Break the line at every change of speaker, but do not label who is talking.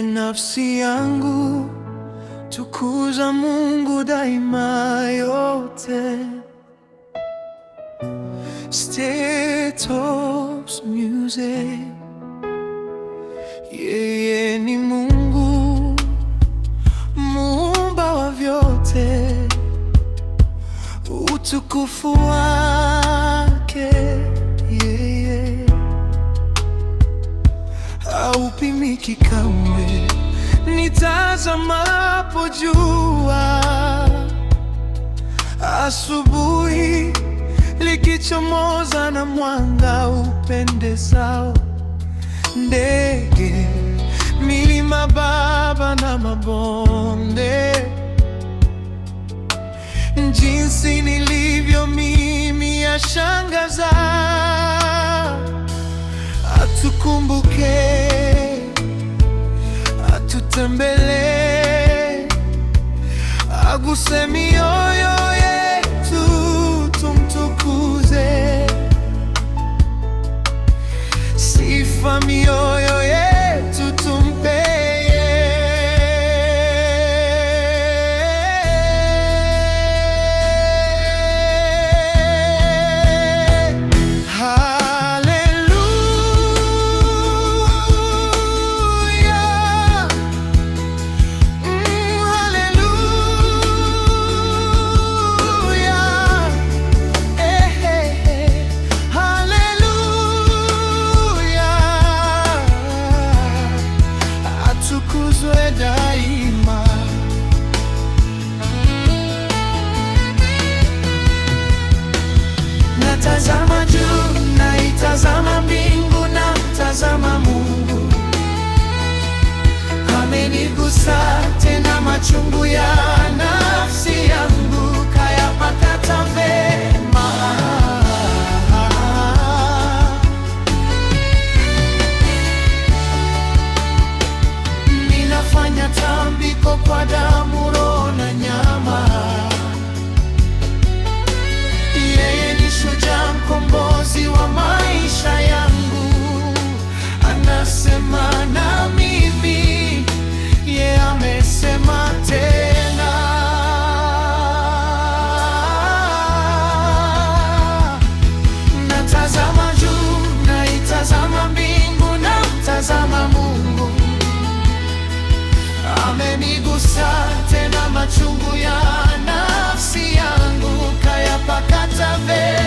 ewe nafsi yangu, tukuza Mungu daima yote. Status Music, yeye ni Mungu muumba wa vyote, utukufu wa hakipimiki kamwe, nitazamapo jua asubuhi likichomoza na mwanga upendezao, ndege, milima baba na mabonde, jinsi nilivyo mimi yashangaza, atukumbuke atembelee, aguse mioyo itukuzwe daima. Natazama juu, naitazama mbingu, namtazama Mungu. Amenigusa tena machungu ya nafsi ya tambiko kwa damu machungu ya nafsi yangu kayapakata vema.